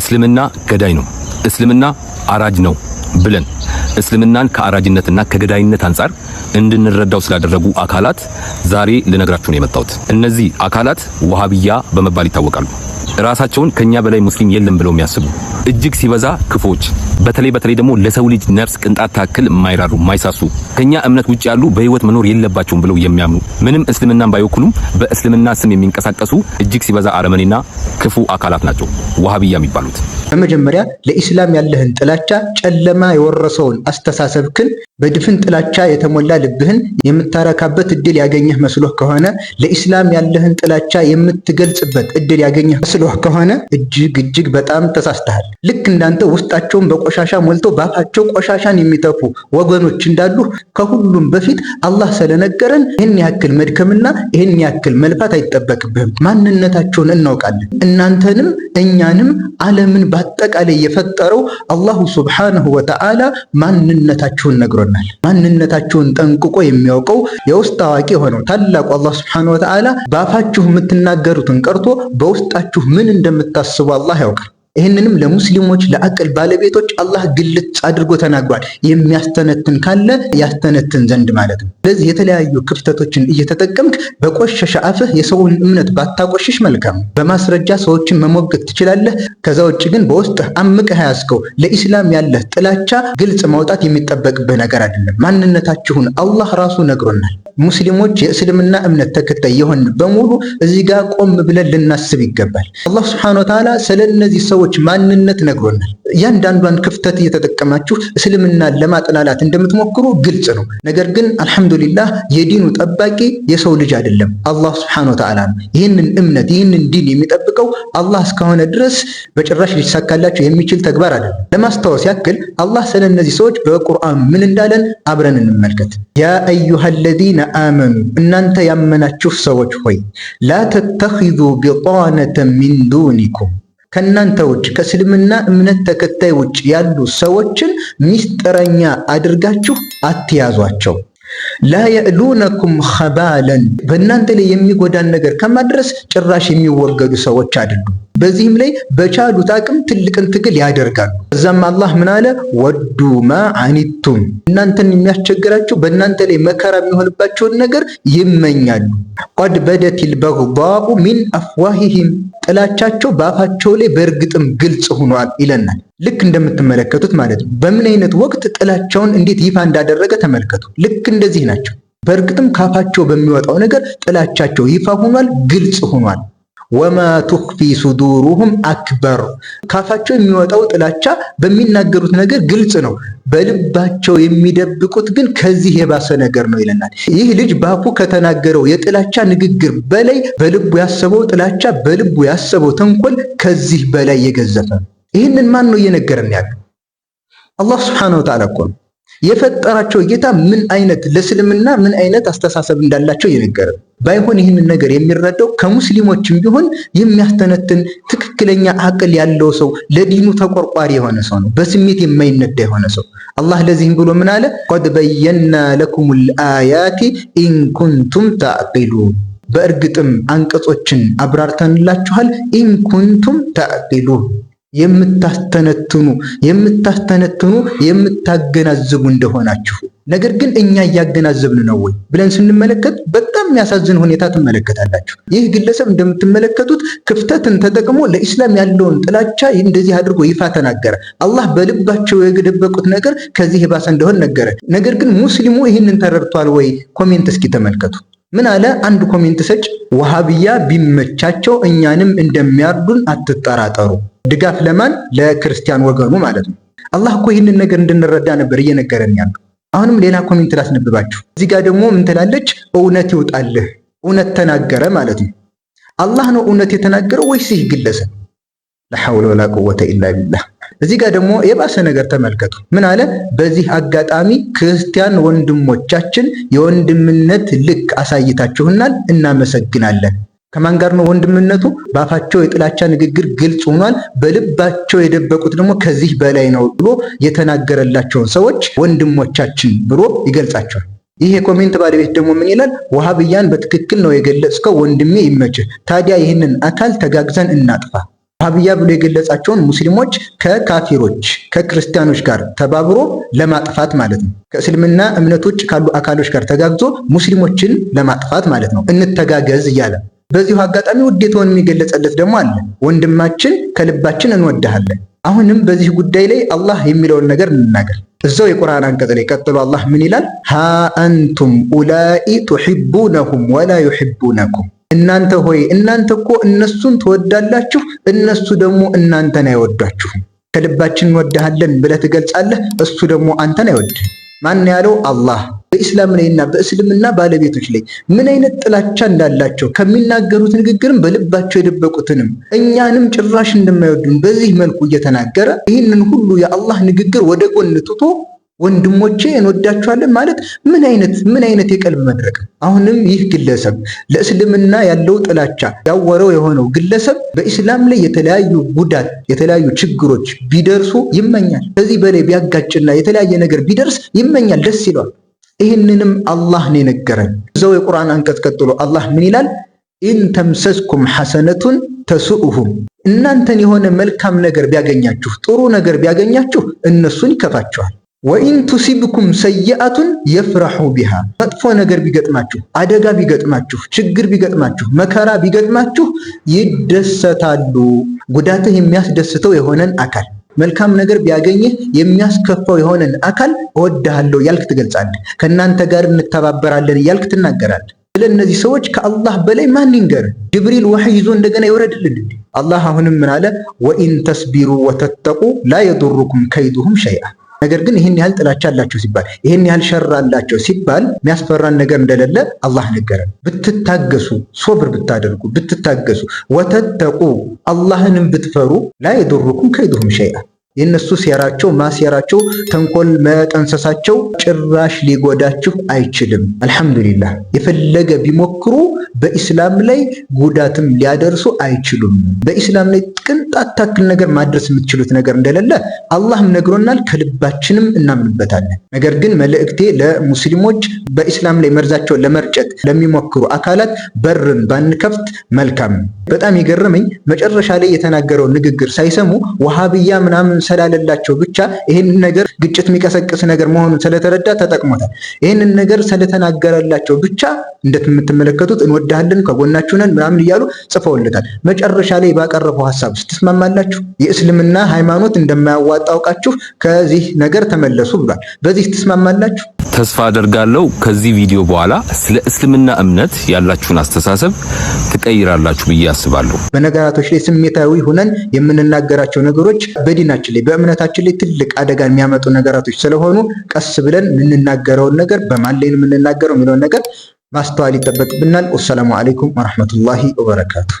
እስልምና ገዳይ ነው፣ እስልምና አራጅ ነው ብለን እስልምናን ከአራጅነትና ከገዳይነት አንጻር እንድንረዳው ስላደረጉ አካላት ዛሬ ልነግራችሁ ነው የመጣሁት። እነዚህ አካላት ወሃብያ በመባል ይታወቃሉ። ራሳቸውን ከኛ በላይ ሙስሊም የለም ብለው የሚያስቡ እጅግ ሲበዛ ክፎች፣ በተለይ በተለይ ደግሞ ለሰው ልጅ ነፍስ ቅንጣት ታክል ማይራሩ ማይሳሱ፣ ከኛ እምነት ውጭ ያሉ በህይወት መኖር የለባቸውም ብለው የሚያምኑ ምንም እስልምናን ባይወክሉም በእስልምና ስም የሚንቀሳቀሱ እጅግ ሲበዛ አረመኔና ክፉ አካላት ናቸው ዋሃብያ የሚባሉት። በመጀመሪያ ለኢስላም ያለህን ጥላቻ ጨለማ የወረሰውን አስተሳሰብክን በድፍን ጥላቻ የተሞላ ልብህን የምታረካበት እድል ያገኘህ መስሎህ ከሆነ ለኢስላም ያለህን ጥላቻ የምትገልጽበት እድል ያገኘህ እየጎዳህ ከሆነ እጅግ እጅግ በጣም ተሳስተሃል። ልክ እንዳንተ ውስጣቸውን በቆሻሻ ሞልተው ባፋቸው ቆሻሻን የሚተፉ ወገኖች እንዳሉ ከሁሉም በፊት አላህ ስለነገረን ይህን ያክል መድከምና ይህን ያክል መልፋት አይጠበቅብህም። ማንነታቸውን እናውቃለን። እናንተንም እኛንም ዓለምን በአጠቃላይ የፈጠረው አላሁ ሱብሓነሁ ወተዓላ ማንነታቸውን ነግሮናል። ማንነታቸውን ጠንቅቆ የሚያውቀው የውስጥ አዋቂ የሆነው ታላቁ አላህ ሱብሓነሁ ወተዓላ በአፋችሁ የምትናገሩትን ቀርቶ በውስጣችሁ ምን እንደምታስቡ አላህ ያውቃል። ይህንንም ለሙስሊሞች ለአቅል ባለቤቶች አላህ ግልጽ አድርጎ ተናግሯል። የሚያስተነትን ካለ ያስተነትን ዘንድ ማለት ነው። ስለዚህ የተለያዩ ክፍተቶችን እየተጠቀምክ በቆሸሸ አፍህ የሰውን እምነት ባታቆሽሽ መልካም። በማስረጃ ሰዎችን መሞገት ትችላለህ። ከዛ ውጭ ግን በውስጥህ አምቀህ ያዝከው ለኢስላም ያለህ ጥላቻ ግልጽ ማውጣት የሚጠበቅብህ ነገር አይደለም። ማንነታችሁን አላህ ራሱ ነግሮናል። ሙስሊሞች የእስልምና እምነት ተከታይ የሆን በሙሉ እዚህ ጋር ቆም ብለን ልናስብ ይገባል። አላህ ስብሐነ ወተዓላ ስለነዚህ ሰዎች ሰዎች ማንነት ነግሮናል። እያንዳንዷን ክፍተት እየተጠቀማችሁ እስልምናን ለማጥላላት እንደምትሞክሩ ግልጽ ነው። ነገር ግን አልሐምዱሊላህ የዲኑ ጠባቂ የሰው ልጅ አይደለም፣ አላህ ስብሐነ ወተዓላ ነው። ይህንን እምነት ይህንን ዲን የሚጠብቀው አላህ እስከሆነ ድረስ በጭራሽ ሊሳካላቸው የሚችል ተግባር አይደለም። ለማስታወስ ያክል አላህ ስለ እነዚህ ሰዎች በቁርአን ምን እንዳለን አብረን እንመልከት። ያ አዩሃ ለዚነ አመኑ እናንተ ያመናችሁ ሰዎች ሆይ ላ ተተኺዙ ቢጣነተ ሚን ዱኒኩም ከእናንተ ውጭ ከእስልምና እምነት ተከታይ ውጭ ያሉ ሰዎችን ሚስጥረኛ አድርጋችሁ አትያዟቸው። ላ የእሉነኩም ከባለን በእናንተ ላይ የሚጎዳን ነገር ከማድረስ ጭራሽ የሚወገዱ ሰዎች አይደሉም። በዚህም ላይ በቻሉት አቅም ትልቅን ትግል ያደርጋሉ። ከዛም አላህ ምን አለ? ወዱ ማ አኒቱም፣ እናንተን የሚያስቸግራቸው በእናንተ ላይ መከራ የሚሆንባቸውን ነገር ይመኛሉ። ቀድ በደቲል በግዳኡ ሚን አፍዋሂሂም፣ ጥላቻቸው በአፋቸው ላይ በእርግጥም ግልጽ ሆኗል ይለናል። ልክ እንደምትመለከቱት ማለት ነው። በምን አይነት ወቅት ጥላቻውን እንዴት ይፋ እንዳደረገ ተመልከቱ። ልክ እንደዚህ ናቸው። በእርግጥም ካፋቸው በሚወጣው ነገር ጥላቻቸው ይፋ ሆኗል፣ ግልጽ ሆኗል። ወማ ቱክፊ ሱዱሩሁም አክበር ካፋቸው የሚወጣው ጥላቻ በሚናገሩት ነገር ግልጽ ነው፣ በልባቸው የሚደብቁት ግን ከዚህ የባሰ ነገር ነው ይለናል። ይህ ልጅ በአፉ ከተናገረው የጥላቻ ንግግር በላይ በልቡ ያሰበው ጥላቻ፣ በልቡ ያሰበው ተንኮል ከዚህ በላይ የገዘፈ ነው። ይህንን ማን ነው እየነገረን ያለ? አላህ ስብሐነሁ ወተዓላ እኮ ነው የፈጠራቸው ጌታ። ምን አይነት ለእስልምና ምን አይነት አስተሳሰብ እንዳላቸው እየነገረን ባይሆን ይህንን ነገር የሚረዳው ከሙስሊሞችም ቢሆን የሚያስተነትን ትክክለኛ አቅል ያለው ሰው ለዲኑ ተቆርቋሪ የሆነ ሰው ነው፣ በስሜት የማይነዳ የሆነ ሰው። አላህ ለዚህም ብሎ ምን አለ? ቀድ በየና ለኩም ልአያቲ ኢንኩንቱም ተዕቂሉን በእርግጥም አንቀጾችን አብራርተንላችኋል። ኢንኩንቱም ተዕቂሉን የምታስተነትኑ የምታስተነትኑ የምታገናዝቡ እንደሆናችሁ ነገር ግን እኛ እያገናዘብን ነው ወይ ብለን ስንመለከት በጣም የሚያሳዝን ሁኔታ ትመለከታላችሁ። ይህ ግለሰብ እንደምትመለከቱት ክፍተትን ተጠቅሞ ለኢስላም ያለውን ጥላቻ እንደዚህ አድርጎ ይፋ ተናገረ። አላህ በልባቸው የደበቁት ነገር ከዚህ የባሰ እንደሆን ነገረ። ነገር ግን ሙስሊሙ ይህንን ተረድቷል ወይ? ኮሜንት እስኪ ተመልከቱ። ምን አለ አንድ ኮሜንት ሰጭ ወሃብያ ቢመቻቸው እኛንም እንደሚያርዱን አትጠራጠሩ። ድጋፍ ለማን ለክርስቲያን ወገኑ ማለት ነው። አላህ እኮ ይህንን ነገር እንድንረዳ ነበር እየነገረን ያለው። አሁንም ሌላ ኮሜንት ላስነብባችሁ። እዚህ ጋር ደግሞ ምን ትላለች? እውነት ይውጣልህ። እውነት ተናገረ ማለት ነው። አላህ ነው እውነት የተናገረው ወይስ ይህ ግለሰብ? ለሐውለ ወላ ቁወተ ኢላ ቢላህ። እዚህ ጋር ደግሞ የባሰ ነገር ተመልከቱ። ምን አለ? በዚህ አጋጣሚ ክርስቲያን ወንድሞቻችን የወንድምነት ልክ አሳይታችሁናል፣ እናመሰግናለን። ከማን ጋር ነው ወንድምነቱ? በአፋቸው የጥላቻ ንግግር ግልጽ ሆኗል፣ በልባቸው የደበቁት ደግሞ ከዚህ በላይ ነው ብሎ የተናገረላቸውን ሰዎች ወንድሞቻችን ብሎ ይገልጻቸዋል። ይህ የኮሜንት ባለቤት ደግሞ ምን ይላል? ውሃብያን በትክክል ነው የገለጽከው ወንድሜ፣ ይመችህ። ታዲያ ይህንን አካል ተጋግዘን እናጥፋ አብያ ብሎ የገለጻቸውን ሙስሊሞች ከካፊሮች ከክርስቲያኖች ጋር ተባብሮ ለማጥፋት ማለት ነው። ከእስልምና እምነት ውጭ ካሉ አካሎች ጋር ተጋግዞ ሙስሊሞችን ለማጥፋት ማለት ነው። እንተጋገዝ እያለ በዚሁ አጋጣሚ ውዴታውን የሚገለጸለት ደግሞ አለ። ወንድማችን ከልባችን እንወድሃለን። አሁንም በዚህ ጉዳይ ላይ አላህ የሚለውን ነገር እንናገር። እዛው የቁርአን አንቀጽ ላይ ቀጥሎ አላህ ምን ይላል? አንቱም ኡላኢ ቱሒቡነሁም ወላ ዩሒቡነኩም እናንተ ሆይ እናንተ እኮ እነሱን ትወዳላችሁ፣ እነሱ ደግሞ እናንተን አይወዷችሁም። ከልባችን እንወድሃለን ብለህ ትገልጻለህ፣ እሱ ደግሞ አንተን አይወድህም። ማን ያለው አላህ በኢስላም ላይና በእስልምና ባለቤቶች ላይ ምን አይነት ጥላቻ እንዳላቸው ከሚናገሩት ንግግርም በልባቸው የደበቁትንም እኛንም ጭራሽ እንደማይወዱን በዚህ መልኩ እየተናገረ ይህንን ሁሉ የአላህ ንግግር ወደ ጎን ትቶ ወንድሞቼ እንወዳችኋለን ማለት ምን አይነት ምን አይነት የቀልብ መድረክ ነው? አሁንም ይህ ግለሰብ ለእስልምና ያለው ጥላቻ ያወረው የሆነው ግለሰብ በኢስላም ላይ የተለያዩ ጉዳት የተለያዩ ችግሮች ቢደርሱ ይመኛል። ከዚህ በላይ ቢያጋጭና የተለያየ ነገር ቢደርስ ይመኛል፣ ደስ ይለዋል። ይህንንም አላህ ነው የነገረን። እዛው የቁርአን አንቀጽ ቀጥሎ አላህ ምን ይላል? ኢን ተምሰስኩም ሐሰነቱን ተስኡሁም እናንተን የሆነ መልካም ነገር ቢያገኛችሁ ጥሩ ነገር ቢያገኛችሁ እነሱን ይከፋቸዋል። ወኢን ቱሲብኩም ሰይአቱን የፍራሑ ቢሃ። መጥፎ ነገር ቢገጥማችሁ፣ አደጋ ቢገጥማችሁ፣ ችግር ቢገጥማችሁ፣ መከራ ቢገጥማችሁ ይደሰታሉ። ጉዳትህ የሚያስደስተው የሆነን አካል መልካም ነገር ቢያገኝህ የሚያስከፋው የሆነን አካል እወድሃለሁ እያልክ ትገልጻለህ። ከእናንተ ጋር እንተባበራለን እያልክ ትናገራለህ። ስለ እነዚህ ሰዎች ከአላህ በላይ ማን ይንገር? ጅብሪል ወሕይ ይዞ እንደገና ይወረድልን። አላህ አሁንም ምን አለ? ወኢን ተስቢሩ ወተተቁ ላ የዱሩኩም ከይዱሁም ሸይአ ነገር ግን ይህን ያህል ጥላቻ አላቸው ሲባል ይህን ያህል ሸር አላቸው ሲባል የሚያስፈራን ነገር እንደሌለ አላህ ነገረን። ብትታገሱ፣ ሶብር ብታደርጉ፣ ብትታገሱ ወተተቁ አላህንም ብትፈሩ ላይ የዱሩኩም ከይዱሁም ሸይአ የእነሱ ሴራቸው ማሴራቸው ተንኮል መጠንሰሳቸው ጭራሽ ሊጎዳችሁ አይችልም። አልሐምዱሊላህ የፈለገ ቢሞክሩ በኢስላም ላይ ጉዳትም ሊያደርሱ አይችሉም። በኢስላም ላይ ቅንጣት ታክል ነገር ማድረስ የምትችሉት ነገር እንደሌለ አላህም ነግሮናል፣ ከልባችንም እናምንበታለን። ነገር ግን መልእክቴ ለሙስሊሞች በኢስላም ላይ መርዛቸውን ለመርጨት ለሚሞክሩ አካላት በርን ባንከፍት መልካም። በጣም የገረመኝ መጨረሻ ላይ የተናገረው ንግግር ሳይሰሙ ወሃብያ ምናምን ስላለላቸው ብቻ ይህን ነገር ግጭት የሚቀሰቅስ ነገር መሆኑን ስለተረዳ ተጠቅሞታል። ይህንን ነገር ስለተናገረላቸው ብቻ እንደምትመለከቱት እንወዳሃለን፣ ከጎናችሁ ነን ምናምን እያሉ ጽፈውለታል። መጨረሻ ላይ ባቀረበው ሀሳብ ስትስማማላችሁ የእስልምና ሃይማኖት እንደማያዋጣ አውቃችሁ ከዚህ ነገር ተመለሱ ብሏል። በዚህ ስትስማማላችሁ ተስፋ አደርጋለሁ ከዚህ ቪዲዮ በኋላ ስለ እስልምና እምነት ያላችሁን አስተሳሰብ ትቀይራላችሁ ብዬ አስባለሁ። በነገራቶች ላይ ስሜታዊ ሆነን የምንናገራቸው ነገሮች በዲናችን ላይ በእምነታችን ላይ ትልቅ አደጋ የሚያመጡ ነገራቶች ስለሆኑ ቀስ ብለን የምንናገረውን ነገር በማን ላይ የምንናገረው የሚለውን ነገር ማስተዋል ይጠበቅብናል። ወሰላሙ አሌይኩም ወረሕመቱላሂ ወበረካቱ።